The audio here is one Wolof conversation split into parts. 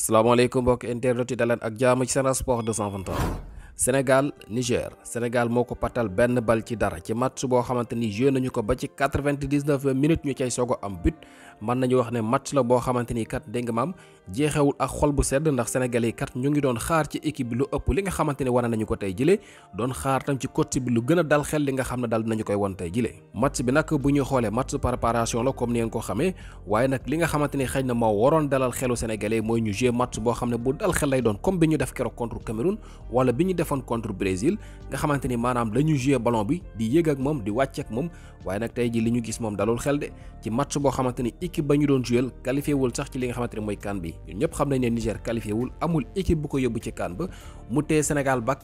salaamaaleykum mbokk internet yi daleen ak jaamu ci Sen Sport 221 Sénégal Niger Sénégal moo ko patal benn bal ci dara ci matt boo xamante ni joué nañu ko ba ci 99 minutes ñu cay soo a am but mën nañu wax ne match la boo xamante ni kat dégg nga maam jeexewul ak xol bu sedd ndax sénégalais kat ñu ngi doon xaar ci équipe bi lu ëpp li nga xamante ne wane nañu ko tey jile doon xaar tam ci coach bi lu gën a dal xel li nga xam ne dal nañu koy wan tey jile match bi nag bu ñu xoolee match préparation la comme ni ngeen ko xamee waaye nag li nga xamante ni xëy na moo waroon dalal xelu sénégalais mooy ñu jouer match boo xam ne bu dal xel lay doon comme bi ñu def k contre Cameroun wala bi ñu defoon contre Brésil xamante ni maanaam lañu jouer ballon bi di yëg ak moom di wàcc moom waaye nag tey ji li ñu gis moom dalul xel de ci match boo xamante ni équipe ba ñu doon juyal qualifié wul sax ci li nga xamante ne mooy kan bi ñun ñëpp xam ne Niger qualifié amul équipe bu ko yóbbu ci kan ba mu tee Sénégal ba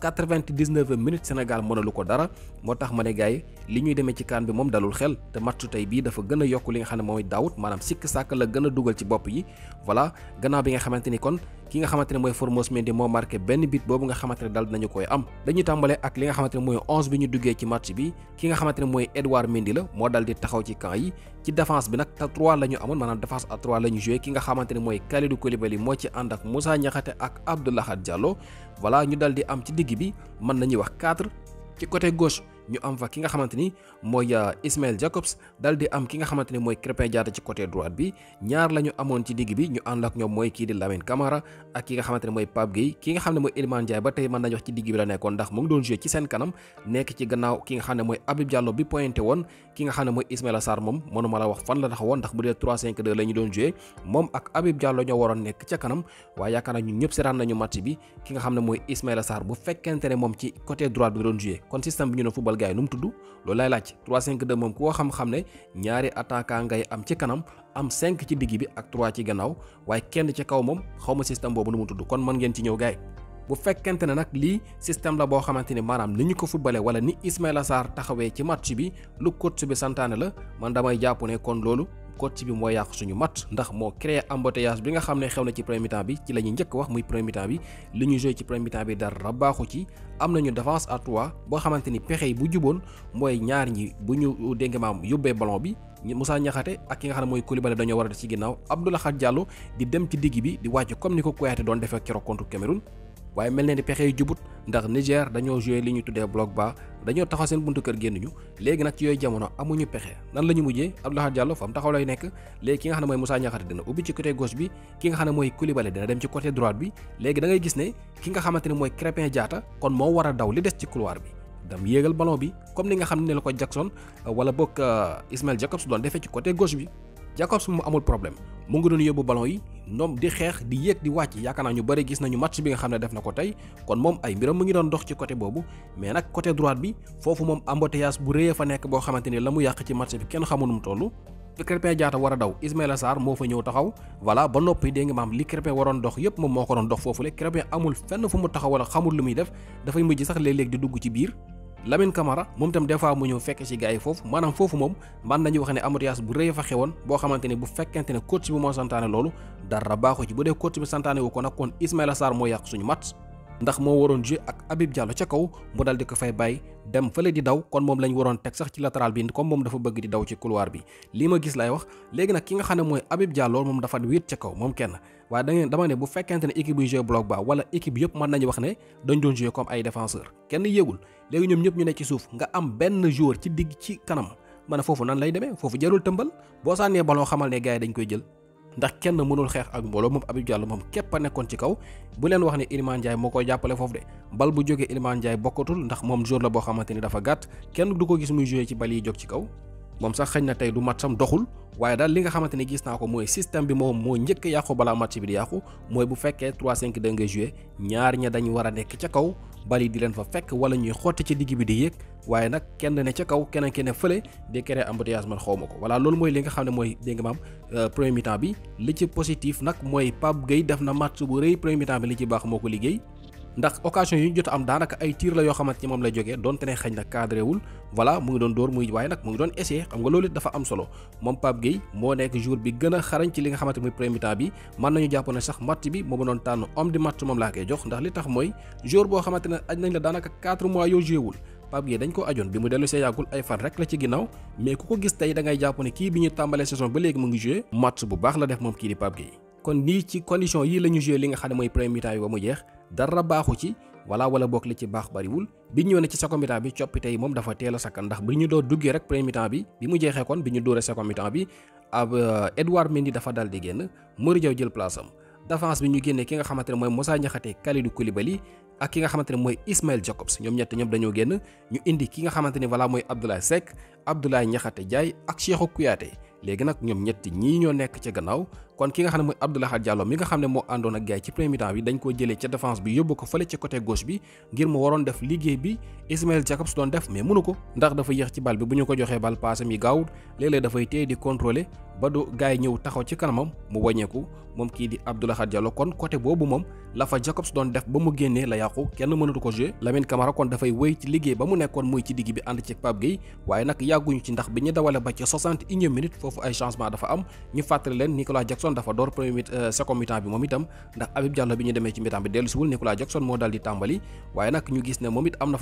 minutes Sénégal mënalu ko dara moo tax ma ne gars yi li ñuy demee ci kan bi moom dalul xel te matchu tey bii dafa gën a yokk li nga xam ne mooy daawut maanaam sikk sàkk la gën a dugal ci bopp yi voilà gannaaw bi nga xamante ni kon ki nga xamante ne mooy Formose Mendy moo marqué benn but boobu nga xamante ne daal dinañu koy am dañu tàmbale ak li nga xamante ne mooy onze bi ñu duggee ci match bi ki nga xamante ne mooy Edouard Mendy la moo dal di taxaw ci camp yi ci défense bi nag te trois la ñu amoon maanaam défense à trois la ñu joué ki nga xamante ne mooy Kalidou Koulibaly moo ci ànd ak Moussa Niakhaté ak Abdou Lahad Diallo ñu dal di am ci digg bi mën nañuy wax quatre ci côté gauche ñu am fa ki nga xamante euh, Ismail Jacobs dal di am ki nga xamante ni mooy Crépin Diatta ci côté droite bi ñaar la ñu amoon ci digg bi ñu ànd ak ñoom mooy kii di Lamine Camara ak ki nga xamante ni mooy Pape Gueye ki nga xam ne mooy Iliman Ndiaye ba tey mën nañu wax ci digg bi la nekkoon ndax mu ngi doon jouer ci seen kanam nekk ci gannaaw ki nga Diallo bi pointé ki nga la wax fan la taxawoon ndax bu dee 3-5-2 doon jouer ak Habib Diallo ñoo waroon nekk ca kanam waaye yaakaar ñun ñëpp seetaan nañu match bi ki nga xam ne mooy Ismaila Sarr bu fekkente ne ci côté droite bi doon jouer kon système bi ñu football gars yi nu mu tudd loolu laay laaj 3-5-2 moom xam-xam ne ñaari attaquant ngay am ci kanam am 5 ci digg bi ak 3 ci gannaaw waaye kenn ci kaw moom xaw ma système boobu nu mu tudd kon mën ngeen ci ñëw gars yi bu fekkente ne nag lii système la boo xamante ni maanaam li ñu ko footballé wala ni Ismaïla Sarr taxawee ci match bi lu coach bi santaane la man damay jàpp ne kon loolu coach bi moo yàq suñu match ndax moo créé embouteillage bi nga xam ne xew na ci premier mi bi ci la ñuy njëkk wax muy premier mi-temps bi li ñu joué ci premier mi-temps bi dara baaxu ci am nañu défense à trois boo xamante ni pexe bu juboon mooy ñaar ñi bu ñu dégg maam yóbbee ballon bi Moussa Niakhaté ak ki nga xam ne mooy Koulibaly dañoo war a des ci ginnaaw Abdoulaye Diallo di dem ci digg bi di wàcc comme ni ko Kouyaté doon defee keroog contre Cameroun waaye mel na ni pexe yu jubut ndax Niger dañoo joué li ñuy tuddee bloc ba dañoo taxaw seen buntu kër génn ñu léegi nag ci yooyu jamono amuñu pexe nan la ñu mujjee Abdoulaye Diallo fa mu taxaw lay nekk léegi ki nga xam ne mooy Moussa Niakhaté dina ubbi ci côté gauche bi ki nga ne mooy Koulibaly dina dem ci côté droite bi léegi gis ne ki nga xamante ne mooy Crépin Diatta kon moo war a daw li des ci couloir bi dam yéegal balon bi comme ni nga xam ne la ko Jackson wala boog euh, Ismail Jacobs doon defee ci côté gos bi Jacobs mu amul problème mu ngi doon yóbbu ballon yi ñoom di xeex di yéeg di wàcc yaakaar naa ñu bëri gis nañu match bi nga xam ne def na ko tey kon moom ay mbiram mu ngi doon dox ci côté boobu mais nag côté droite bi foofu moom embouteillage bu rëy fa nekk boo xamante ni la mu yàq ci match bi kenn xamul nu mu toll. li Krépin Diatta war a daw Ismaïla Sarr moo fa ñëw taxaw voilà ba noppi dégg nga maam li Krépin waroon dox yépp moom moo ko doon dox foofule Krépin amul fenn fu mu taxaw wala xamul lu muy def dafay mujj sax léeg-léeg di dugg ci biir. Lamine Camara moom itam des fois mu ñëw fekk ci gars yi foofu maanaam foofu moom man nañu wax ne embouteillage bu rëy ne bu fekkente ne coach bi moo santaane loolu dara baaxu ci bu dee moo yàq suñu match ndax moo kaw mu di ko fay bàyyi dem di daw kon moom lañ waroon teg sax ci latéral bi comme moom dafa bëgg di daw ci couloir bi lii ma gis lay wax léegi nag nga xam ne mooy Habib Diallo moom dafa wéet ca kaw moom kenn waaye da ngeen dama ne bu fekkente ne équipe bi jouer bloc bas wax ne dañ doon jouer comme ay défenseur kenn yéegul léegi ñoom ñëpp ñu ne ci suuf nga am benn jour ci digg ci kanam man ne foofu nan lay demee foofu jarul tëmbal boo sànnee baloo xamal ne gars yi dañ koy jël ndax kenn mënul xeex ak mbooloo moom Habib Diallo moom képp a nekkoon ci kaw buleen wax ne Iliman Ndiaye moo koy jàppale foofu de bal bu jógee Iliman bokkatul ndax moom jour la boo xamante ni dafa gàtt kenn du ko gis muy joué ci bal yi jog ci kaw moom sax xëñ na tey du mat sam doxul waaye daal li nga xamante ni gis naa ko mooy système bi moom moo njëkk yàqu balaa match bi di yàqu mooy bu fekkee 3-5-2 nga ñaar ña dañu war a nekk ca kaw bali di leen fa fekk wala ñuy xotti ci digg bi di yéeg waaye nag kenn ne ca kaw keneen ki ne fële di créer embouteillage man xaw ma ko voilà loolu mooy li nga xam ne mooy dégg nga maam euh, premier mi bi li ci positif nag mooy Pape Gueye def na match bu rëy premier mi bi li ci baax ko liggéey ndax occasion yi ñu jot am daanaka ay tir la yoo xamante ni moom lay jógee donte ne xëy na cadré wul voilà mu ngi doon dóor muy waaye nag mu ngi doon essayé xam nga loolu dafa am solo moom Pape Gueye moo nekk jour bi gën a xarañ ci li nga xamante muy premier temps bi mën nañu jàpp ne sax match bi moo mënoon tànn homme di match moom laa koy jox ndax li tax mooy jour boo xamante ne aj nañ la daanaka 4 mois yoo joué wul Pape Gueye dañ ko ajoon bi mu dellu see ay fan rek la ci ginnaaw mais ku ko gis tey da ngay jàpp ne kii bi ñu tàmbalee saison ba léegi mu ngi joué match bu baax nga xam ne mooy premier temps bi dara baaxu ci wala wala bokk li ci baax bariwul bi ñëw na ci second mi-temps bi coppite yi moom dafa teel a sakkan ndax bi ñu doo duggee rek premier mi-temps bi bi mu jeexee kon bi ñu dóoree second mi bi ab euh, Edouard Mendy dafa dal di génn Mory Diaw jël place am bi ñu génnee ki nga xamante ne mooy Moussa Niakhaté Kalidou Koulibaly ak ki nga xamante ne mooy Ismail Jacobs ñoom ñett ñoom dañoo génn ñu indi ki nga xamante ne voilà mooy Abdoulaye Seck Abdoulaye Niakhaté Diaye ak Cheikhou Kouyaté léegi nag ñoom ñetti ñii ñoo nekk ca gannaaw kon ki nga xam ne mooy Abdou Lahad Diallo mi nga xam ne moo àndoon ak gaay ci premier temps bi dañ koo jëlee ca défense bi yóbbu ko fële ci côté gauche bi ngir mu waroon def liggéey bi Ismail Jacobs doon def mais munu ko ndax dafa yéex ci bal bi bu ñu ko joxee bal paasam yi gaawul léeg-léeg dafay téye di contrôler ba du gaay ñëw taxaw ci kanamam mu wàññeeku moom kii di Abdou Lahad Diallo kon côté boobu moom la fa Jacobs doon def ba mu génnee la yàqu kenn mënatu ko jouer Lamine Camara kon dafay wéy ci liggéey ba mu nekkoon muy ci digg bi ànd ci Pape Gueye waaye nag yàgguñu ci ndax bi ñu dawale ba ci 61e minute foofu ay changement dafa am ñu fàttali leen Nicolas Jackson dafa door premier mi euh, second mi bi moom itam ndax Habib Diallo bi ñu demee ci mi bi dellusiwul Nicolas Jackson moo daal di tàmbali waaye nag ñu gis ne moom it am na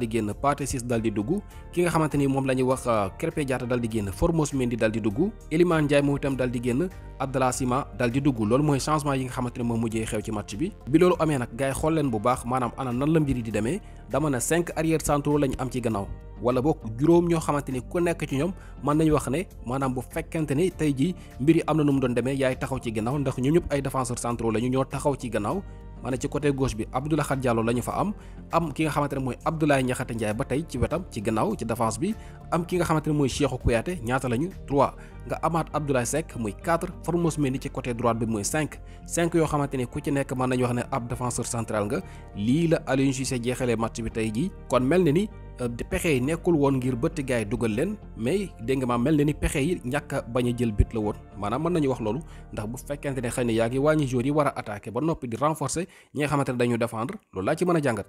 dal di génn Pathé Ciss dal di dugg ki nga xamante ni moom la ñuy wax euh, Krépin Diatta dal di génn Formose Mendy dal di dugg Iliman Ndiaye moom itam génn Abdallah Sima dal di dugg loolu changement yi nga xamante ne moo xew ci match bi bi loolu amee nag gars yi xool bu baax maanaam ana nan la mbir yi di demee dama ne 5 arrière centraux lañ am ci gannaaw wala boog juróom ñoo xamante ku nekk ci ñoom mën nañu wax ne manam bu fekkente ni tey jii mbir yi am na nu mu doon demee yaay taxaw ci gannaaw ndax ñu ñëpp ay défenseur centraux lañu ñoo taxaw ci gannaaw maanaam ci côté gos bi Abdoulaye Khat Diallo la ñu fa am am ki nga xamante ne mooy Abdoulaye Niakhate Ndiaye ba tey ci wetam ci gannaaw ci défense bi am ki nga xamante ne mooy Cheikhou Kouyaté ñaata lañu 3 nga amaat Abdoulaye Seck muy 4 Formose Mendy ci côté droite bi muy 5 5 yoo xamante ne ku ci nekk mën nañu wax ne ab défenseur central nga lii la Aliou Cissé jeexalee match bi tey jii kon mel na ni euh, pexe yi nekkul woon ngir bëtt gaay dugal leen mais dégg nga maa mel na ni pexe yi ñàkk a bañ jël bit la woon maanaam mën nañu wax loolu ndax bu fekkente ne xëy na yaa ngi wàññi joueurs yi war a attaquer ba noppi di renforcer ñi xamante ne dañu défendre loolu laa ci mën a jàngat.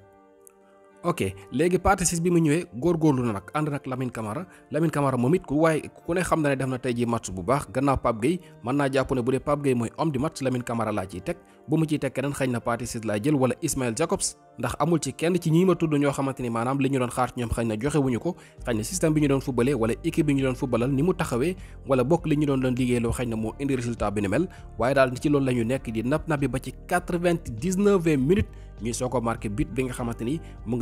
ok léegi partie 6 bi mu ñëwee góorgóorlu na nag ànd nag Lamine Camara Lamine Camara moom it ku waaye ku ne xam na ne def na tey ji match bu baax gannaaw Pape Gueye mën naa jàpp ne bu dee Pape Gueye mooy homme du match Lamine Camara laa ciy teg bu mu ciy teg keneen xëy na partie 6 laa jël wala Ismail Jacobs ndax amul ci kenn ci ñi ma tudd ñoo xamante maanaam li ñu doon xaar ñoom xëy na joxe ko xëy na système bi ñu doon fubalee wala équipe bi ñu doon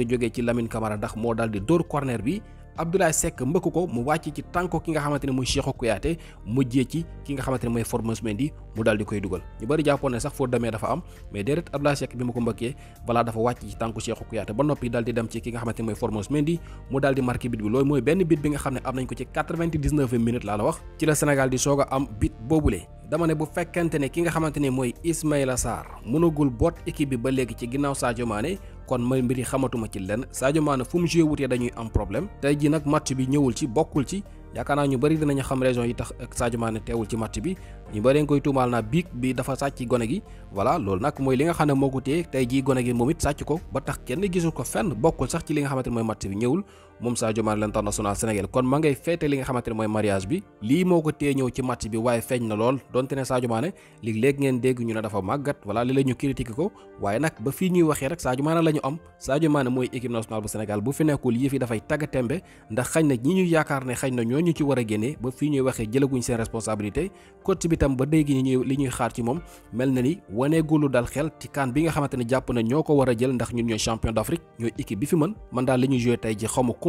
jógee ci Lamine Camara ndax moo daal di dóor corner bi Abdoulaye Seck mbëkk ko mu wàcc ci tànko ki nga xamante ne mooy Cheikhou Kouyaté mujjee ci ki nga xamante ne mooy Formose Mendy mu daal di koy dugal ñu bëri jàppoon ne sax foo demee dafa am mais déedéet Abdoulaye Seck bi ma ko mbëkkee balaa ki nga xamante ne mooy Formose Mendy mu daal di marqué bi loolu mooy benn bit bi nga xam ne am nañ ko ci 99 laa la wax ci la Sénégal di soog a am bit boobulee dama ne bu fekkente ne ki nga xamante ne mooy Ismaïla Sarr mënagul boot équipe bi ba léegi ci ginnaaw Sadio Mané kon may mbiri xamatuma ci lenn Sadio Mané fu mu joué wutee dañuy am problème tey ji nag matt bi ñëwul ci bokkul ci yaakaar naa ñu bëri dinañu xam raison yi tax ak Sadio Mané teewul ci matt bi ñu bëri nga koy tuumaal naa biig bi dafa sàcc gone gi voilà loolu nag mooy li nga xam ne moo ko téye tey jii gone gi moom it sàcc ko ba tax kenn gisul ko fenn bokkul sax ci li nga xamante mooy match bi ñëwul moom Sadio Mané l'international Sénégal kon ma ngay feete li nga xamante ne mooy mariage bi lii moo ko téye ñëw ci match bi waaye feeñ na lool donte ne Sadio Mané léegi ngeen dégg ñu ne dafa màggat voilà li la ñu critiqué ko waaye nag ba fii ñuy waxee rek Sadio Mané la ñu am Sadio Mané mooy équipe nationale bu Sénégal bu fi nekkul yëf yi dafay tagga tembe ndax xañ na ñi ñu yaakaar ne xañ na ñoo ñu ci war a génnee ba fii ñuy waxee jëlaguñ seen responsabilité coach bi tam ba dégg li ñuy xaar ci moom mel na ni waneegulu dal xel ci kan bi nga xamante ne jàpp na ñoo ko war a jël ndax ñun ñooy champion d'Afrique ñooy équipe bi fi mën man daal li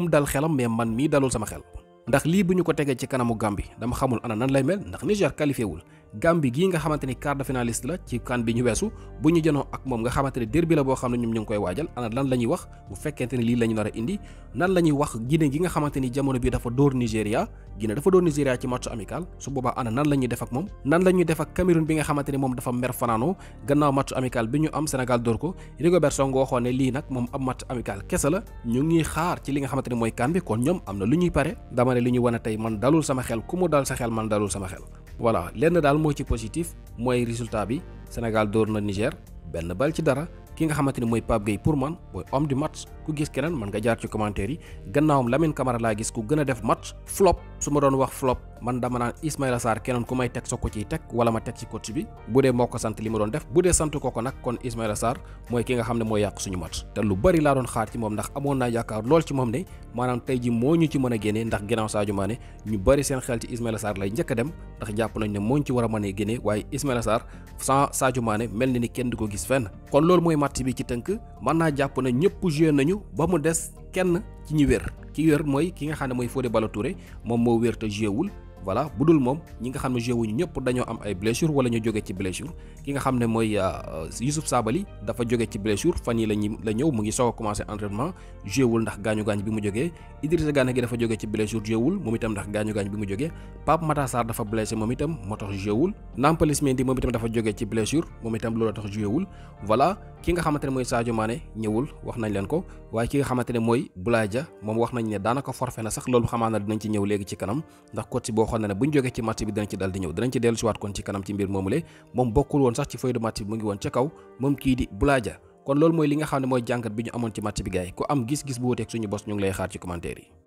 kum dal xelam mais man mi dalul sama xel ndax li buñu ko tege ci kanamu Gambie dama xamul ana nan lay mel ndax Niger qualifié wul Gambie gii nga xamante ni quart de finaliste la ci kan bi ñu weesu bu ñu janoo ak moom nga xamante ni derby la boo xam ne ñoom ñu koy ana lan wax bu ni indi nan la ñuy wax Guinée gi nga xamante jamono bi dafa dóor Nigéria Guinée dafa dóor Nigéria ci match amical su boobaa ana nan la ñuy def ak moom nan la ñuy def ak Cameroun bi nga xamante ni dafa mer fanaanoo gannaaw match amical bi ñu am Sénégal dóor ko Rigobert Song waxoon ne lii nag moom ab match amical kese la ñu ngi xaar ci li nga xamante ni kan bi kon ñoom amna na pare dama ne li ñu wane man dalul sama xel ku mu dal sa xel man dalul sama xel voilà lenn daal mooy ci positif mooy résultat bi Sénégal dóor na Niger benn bal ci dara ki nga xamante ni mooy Pape Gueye pour man mooy om du match ku gis keneen mën nga jaar ci commentaire yi gannaawam Lamine Camara laa gis ku gën a def match flop su ma doon wax flop man dama naan Ismaïla Sarr keneen ku may teg soo ko ciy teg wala ma teg ci coach bi bu dee moo ko sant li ma doon def bu dee sant ko ko nag kon Ismaïla Sarr mooy ki nga xam ne mooy yàq suñu mat te lu bari laa xaar ci moom ndax amoon naa yaakaar lool ci moom ne maanaam ji moo ñu ci mën a génnee ndax ginnaaw Sadio Mané ñu bari seen xel ci Ismaïla Sarr lay njëkk dem ndax jàpp nañ ne mooñ ci war a mënee génnee waaye Ismaïla Sarr sans Sadio Mané mel na ni kenn di ko gis fenn kon loolu mooy match bi ci tënk mën naa jàpp na ñëpp joué nañu ba mu des kenn ci ñi wér ci wér mooy ki nga xam ne mooy Fodé bala Touré moom moo wér te jéewul voilà bu dul moom ñi nga xam ne joué wuñu ñëpp dañoo am ay blessure wala ñu jóge ci blessure ki nga xam ne mooy euh, euh, Youssouf Sabaly dafa jóge ci blessure fan yi la ñu la ñëw mu ngi soog a commencé entraînement joué wul ndax gaañu bi mu jógee Idrissa Gana dafa jóge ci blessure joué wul moom itam ndax gaañu gaañ bi mu jógee Pape Matar Sarr dafa blessé moom itam moo tax joué wul Nampalys Mendy moom itam dafa jóge ci blessure moom itam loolu tax joué wul voilà ki nga xamante ne mooy Sadio Mané ñëwul wax nañ leen ko waaye ki nga xamante ne mooy Boulaye Dia moom wax nañ ne daanaka forfait na sax loolu xamaa na dinañ ci ñëw léegi ci kanam ndax coach boo waxoon na ne bu ñu jógee ci match bi danañ ci dal di ñëw danañ ci dellu siwaat kon ci kanam ci mbir moomule moom bokkul woon sax ci feuille match bi mu ngi woon ca kaw moom kii di Boulaye kon loolu mooy li nga xam ne mooy jàngat bi ñu amoon ci match bi gars ku am gis-gis bu wuteeg suñu bos ñu ngi lay xaar ci commentaire yi